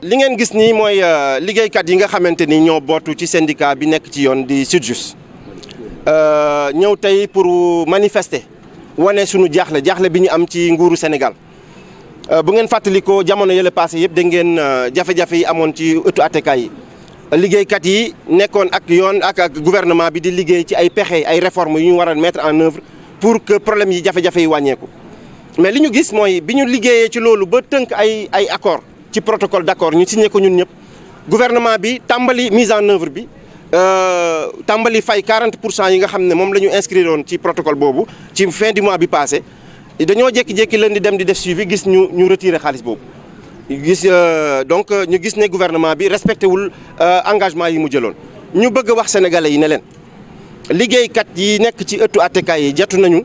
li ngeen gis moy mooy euh, kat yi nga xamanteni ño ñoo ci syndicat bi nek ci yone di euh ñew tay pour manifester woné suñu jaxlé jaxlé biñu am ci nguuru Sénégal euh, bu ngeen fàttalikoo jamono yele passé yëpp de ngeen jafé euh, jafé yi amone ci auto attekaay yi kat yi nekkoon ak yone ak ak gouvernement bi di liggéey ci ay pexé ay réforme yu ñu wara mettre en œuvre pour que problème yi jafé jafé yi wàññeeku mais liñu gis moy biñu ñu ci lolu ba teunk ay ay accord ci protocole d'accord ñu signé ko ñun ñep gouvernement bi tambali mise en œuvre bi euh tambali fay 40 yi nga xamné mom lañu la ñu inscrire woon ci protocole bobu ci fin du mois bi passé dañu jékki-jékki leen di dem di def suivi gis ñu ñu retirer xaliss bobu gis euh, donc ñu gis né gouvernement bi respecté wul euh, engagement yi mu jëlone ñu bëgg wax sénégalais yi ne liggéey kat yi nekk ci ëttu àttekaay yi jatu nañu.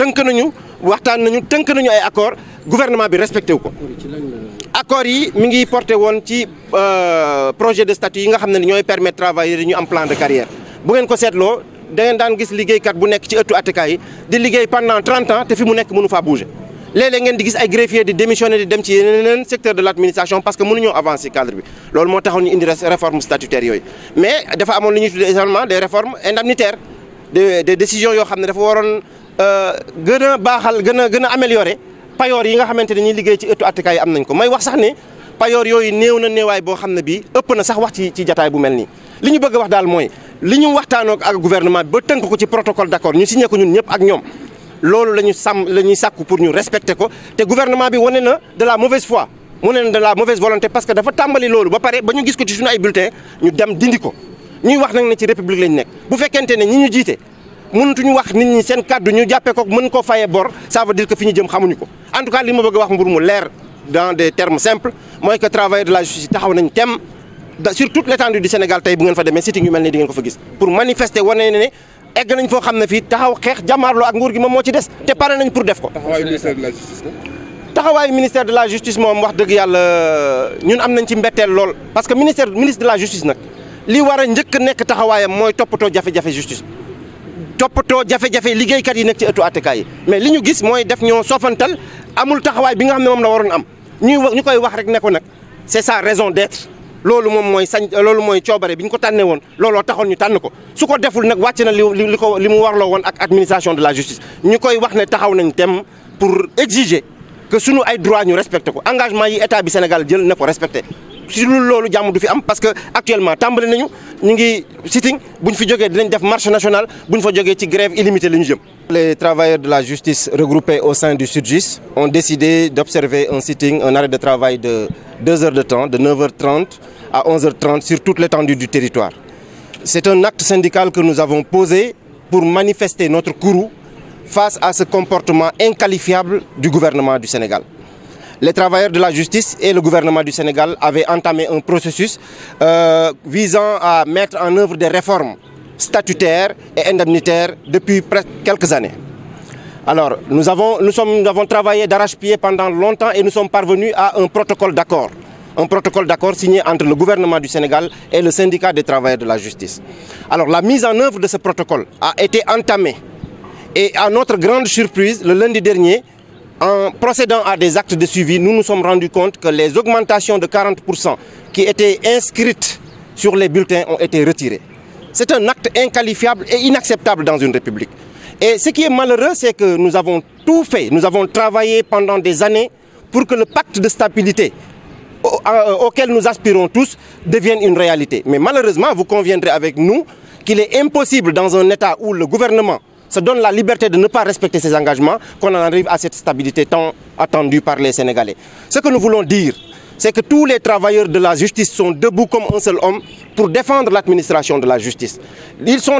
tënk nañu waxtaan nañu tënk nañu ay accord gouvernement bi respecté wu ko accord yi mi ngi porté woon ci euh, projet de statut yi nga xam ne ñooy permettre travailleurs ñu am plan de carrière bu ngeen ko seetloo da ngeen daan gis liggéeykat bu nekk ci ëttu attekaay yi di liggéey pendant 30 ans te fi mu nekk mënu faa bouger léeg-léeg ngeen di gis ay greffier di démissionner di dem ci yeneen secteur de l' administration parce que mënuñoo avancer cadre bi loolu moo taxoon ñu indi réforme statutaire yooyu mais dafa amoon lu ñuy tuddee également des réformes indemnitaires des décisions yo xamné dafa waroon euh gëna baaxal gëna gëna améliorer payor yi nga xamante ni liggéey ci ëttu attikaay yi am nañ ko may wax sax né payor yoy néew na néewaay boo xam ne ëpp na sax wax ci ci jotaay bu melni liñu bëgg wax dal moy liñu ñu ak gouvernement bi ba tënk ko ci protocole d'accord ñu signé ko ñun ñëpp ak ñom loolu lañu sam lañuy sakku pour ñu respecter ko té gouvernement bi woné na de la mauvaise foi mu ne na de la mauvaise volonté parce que dafa tambali loolu ba paré ba ñu gis ko ci suñu ay bulletin ñu dem dindi ko ñuy wax sommes né ci république lañ nek bu fekkenté que ñi ñu wax nit ñi nous ñu nous ko ko fayé bor ça veut dire que nous jëm en tout cas li ma bëgg wax mbur mu dans des termes simples moy que travaille de la justice taxaw nañ tém sur toute l'étendue du Sénégal bu ngeen fa pour manifester ne égg nañ fo xamné fi taxaw ak nguur gi ci nañ pour def ko ministère de la justice wax parce que ministère ministre de la justice li wara ñëk nek taxawayam moy topoto jafé jafé justice topoto jafé jafé jafe kat yi nek ci ëttu àtteekaay yi mais li ñu gis moy def ñoo sofantal amul taxaway bi nga xamne mom la waroon am ñuy ñukoy wax rek neko nak c'est sa raison d'être lolu mom moy sañ loolu mooy coobare bi ko tànnee won lolu taxon ñu tànn ko suko deful nak wàcc na li li ko li mu ak administration de la justice ñukoy wax ne taxaw nañ tém pour exiger que suñu ay droit ñu respecté ko engagement yi état bi Sénégal jël na ko respecté parce que actuellement sitting marche nationale grève illimitée Les travailleurs de la justice regroupés au sein du Surgis ont décidé d'observer un sitting, un arrêt de travail de 2 heures de temps, de 9h30 à 11h30 sur toute l'étendue du territoire. C'est un acte syndical que nous avons posé pour manifester notre courroux face à ce comportement inqualifiable du gouvernement du Sénégal les travailleurs de la justice et le gouvernement du Sénégal avaient entamé un processus euh, visant à mettre en œuvre des réformes statutaires et indemnitaires depuis presque quelques années. Alors, nous avons, nous, sommes, nous avons travaillé d'arrache-pied pendant longtemps et nous sommes parvenus à un protocole d'accord. Un protocole d'accord signé entre le gouvernement du Sénégal et le syndicat des travailleurs de la justice. Alors, la mise en œuvre de ce protocole a été entamée. Et à notre grande surprise, le lundi dernier, en procédant à des actes de suivi, nous nous sommes rendus compte que les augmentations de 40% qui étaient inscrites sur les bulletins ont été retirées. C'est un acte inqualifiable et inacceptable dans une république. Et ce qui est malheureux, c'est que nous avons tout fait, nous avons travaillé pendant des années pour que le pacte de stabilité euh, auquel nous aspirons tous devienne une réalité. Mais malheureusement, vous conviendrez avec nous qu'il est impossible dans un État où le gouvernement se donne la liberté de ne pas respecter ses engagements, qu'on en arrive à cette stabilité tant attendue par les Sénégalais. Ce que nous voulons dire, c'est que tous les travailleurs de la justice sont debout comme un seul homme pour défendre l'administration de la justice.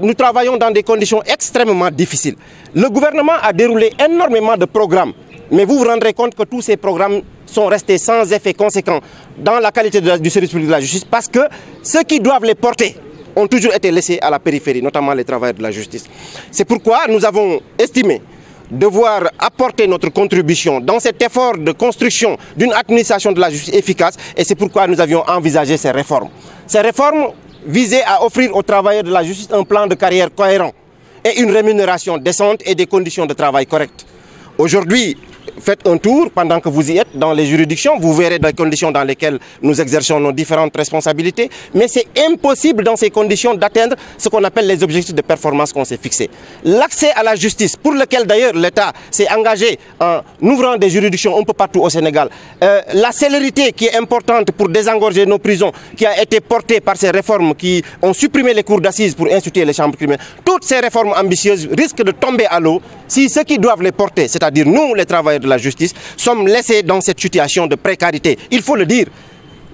nous travaillons dans des conditions extrêmement difficiles. Le gouvernement a déroulé énormément de programmes, mais vous vous rendrez compte que tous ces programmes sont restés sans effet conséquent dans la qualité du service public de la justice parce que ceux qui doivent les porter ont toujours été laissés à la périphérie, notamment les travailleurs de la justice. C'est pourquoi nous avons estimé devoir apporter notre contribution dans cet effort de construction d'une administration de la justice efficace et c'est pourquoi nous avions envisagé ces réformes. Ces réformes visaient à offrir aux travailleurs de la justice un plan de carrière cohérent et une rémunération décente et des conditions de travail correctes. Aujourd'hui, faites un tour pendant que vous y êtes dans les juridictions, vous verrez les conditions dans lesquelles nous exerçons nos différentes responsabilités, mais c'est impossible dans ces conditions d'atteindre ce qu'on appelle les objectifs de performance qu'on s'est fixés. L'accès à la justice, pour lequel d'ailleurs l'État s'est engagé en ouvrant des juridictions un peu partout au Sénégal, euh, la célérité qui est importante pour désengorger nos prisons, qui a été portée par ces réformes qui ont supprimé les cours d'assises pour instituer les chambres criminelles, toutes ces réformes ambitieuses risquent de tomber à l'eau si ceux qui doivent les porter, c'est-à-dire nous les travailleurs, de la justice sommes laissés dans cette situation de précarité. Il faut le dire,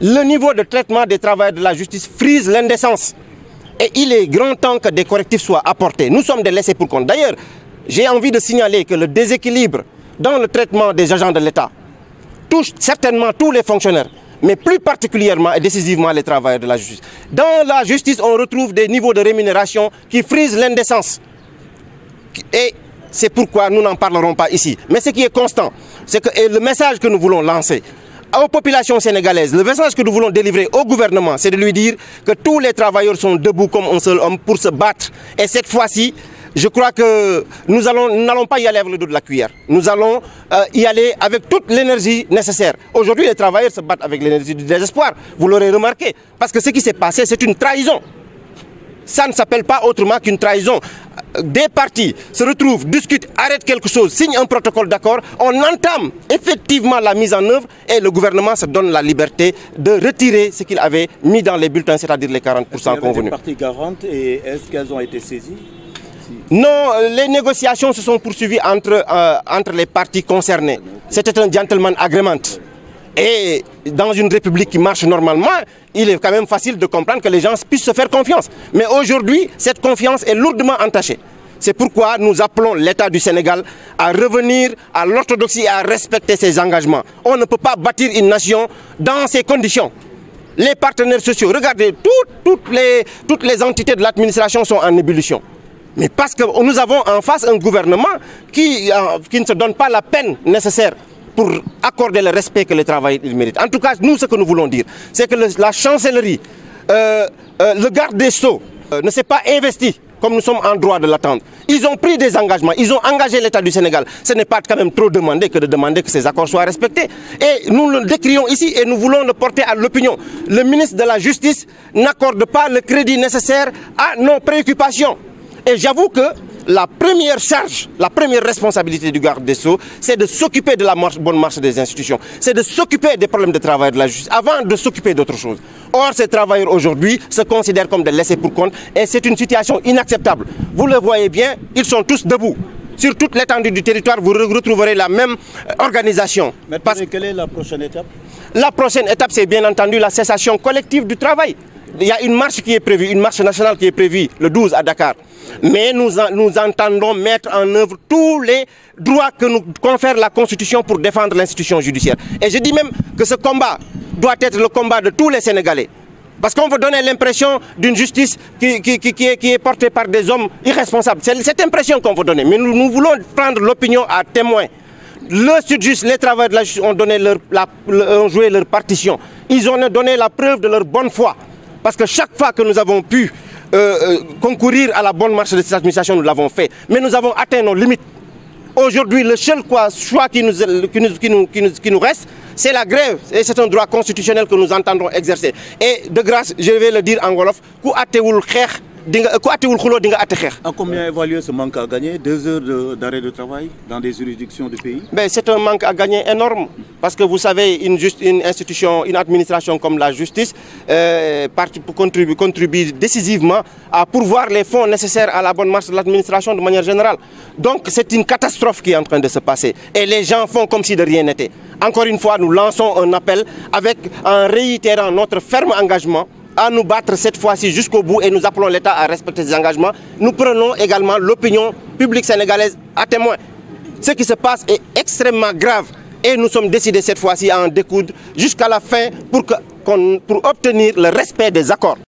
le niveau de traitement des travailleurs de la justice frise l'indécence. Et il est grand temps que des correctifs soient apportés. Nous sommes des laissés pour compte. D'ailleurs, j'ai envie de signaler que le déséquilibre dans le traitement des agents de l'État touche certainement tous les fonctionnaires, mais plus particulièrement et décisivement les travailleurs de la justice. Dans la justice, on retrouve des niveaux de rémunération qui frisent l'indécence. Et c'est pourquoi nous n'en parlerons pas ici. Mais ce qui est constant, c'est que le message que nous voulons lancer aux populations sénégalaises, le message que nous voulons délivrer au gouvernement, c'est de lui dire que tous les travailleurs sont debout comme un seul homme pour se battre. Et cette fois-ci, je crois que nous n'allons pas y aller avec le dos de la cuillère. Nous allons euh, y aller avec toute l'énergie nécessaire. Aujourd'hui, les travailleurs se battent avec l'énergie du désespoir. Vous l'aurez remarqué. Parce que ce qui s'est passé, c'est une trahison ça ne s'appelle pas autrement qu'une trahison. Des partis se retrouvent, discutent, arrêtent quelque chose, signent un protocole d'accord, on entame effectivement la mise en œuvre et le gouvernement se donne la liberté de retirer ce qu'il avait mis dans les bulletins, c'est-à-dire les 40% convenus. partis garantes et est-ce qu'elles ont été saisies non, les négociations se sont poursuivies entre, euh, entre les parties concernés. C'était un gentleman agreement. Et dans une république qui marche normalement, il est quand même facile de comprendre que les gens puissent se faire confiance. Mais aujourd'hui, cette confiance est lourdement entachée. C'est pourquoi nous appelons l'État du Sénégal à revenir à l'orthodoxie et à respecter ses engagements. On ne peut pas bâtir une nation dans ces conditions. Les partenaires sociaux, regardez, toutes, les, les entités de l'administration sont en ébullition. Mais parce que nous avons en face un gouvernement qui, euh, qui ne se donne pas la peine nécessaire pour accorder le respect que les travailleurs mérite. En tout cas, nous, ce que nous voulons dire, c'est que la chancellerie, euh, euh, le garde des Sceaux, euh, ne s'est pas investi comme nous sommes en droit de l'attendre. Ils ont pris des engagements, ils ont engagé l'État du Sénégal. Ce n'est pas quand même trop demandé que de demander que ces accords soient respectés. Et nous le décrions ici et nous voulons le porter à l'opinion. Le ministre de la Justice n'accorde pas le crédit nécessaire à nos préoccupations. Et j'avoue que la première charge, la première responsabilité du garde des Sceaux, c'est de s'occuper de la marche, bonne marche des institutions, c'est de s'occuper des problèmes de travail de la justice, avant de s'occuper d'autre chose. Or, ces travailleurs aujourd'hui se considèrent comme des laissés pour compte et c'est une situation inacceptable. Vous le voyez bien, ils sont tous debout sur toute l'étendue du territoire, vous retrouverez la même euh, organisation. Mais quelle est la prochaine étape La prochaine étape, c'est bien entendu la cessation collective du travail il y a une marche qui est prévue, une marche nationale qui est prévue le 12 à Dakar. Mais nous, nous entendons mettre en œuvre tous les droits que nous confère la Constitution pour défendre l'institution judiciaire. Et je dis même que ce combat doit être le combat de tous les Sénégalais. Parce qu'on veut donner l'impression d'une justice qui, est, portée par des hommes irresponsables. C'est cette impression qu'on veut donner. Mais nous, voulons prendre l'opinion à témoin. Le sud juste, les travailleurs de la justice ont, donné ont joué leur partition. Ils ont donné la preuve de leur bonne foi. Parce que chaque fois que nous avons pu euh, euh, concourir à la bonne marche de cette administration, nous l'avons fait. Mais nous avons atteint nos limites. Aujourd'hui, le seul choix qui nous, reste, c'est la grève. Et c'est un droit constitutionnel que nous entendons exercer. Et de grâce, je vais le dire en Wolof, « Ku kher » à combien évaluer ce manque à gagner deux heures d'arrêt de travail dans des juridictions du pays. Ben, c'est un manque à gagner énorme parce que vous savez une une institution une administration comme la justice euh, contribue contribue décisivement à pourvoir les fonds nécessaires à la bonne marche de l'administration de manière générale donc c'est une catastrophe qui est en train de se passer et les gens font comme si de rien n'était encore une fois nous lançons un appel avec en réitérant notre ferme engagement à nous battre cette fois-ci jusqu'au bout et nous appelons l'État à respecter ses engagements. Nous prenons également l'opinion publique sénégalaise à témoin. Ce qui se passe est extrêmement grave et nous sommes décidés cette fois-ci à en découdre jusqu'à la fin pour, pour obtenir le respect des accords.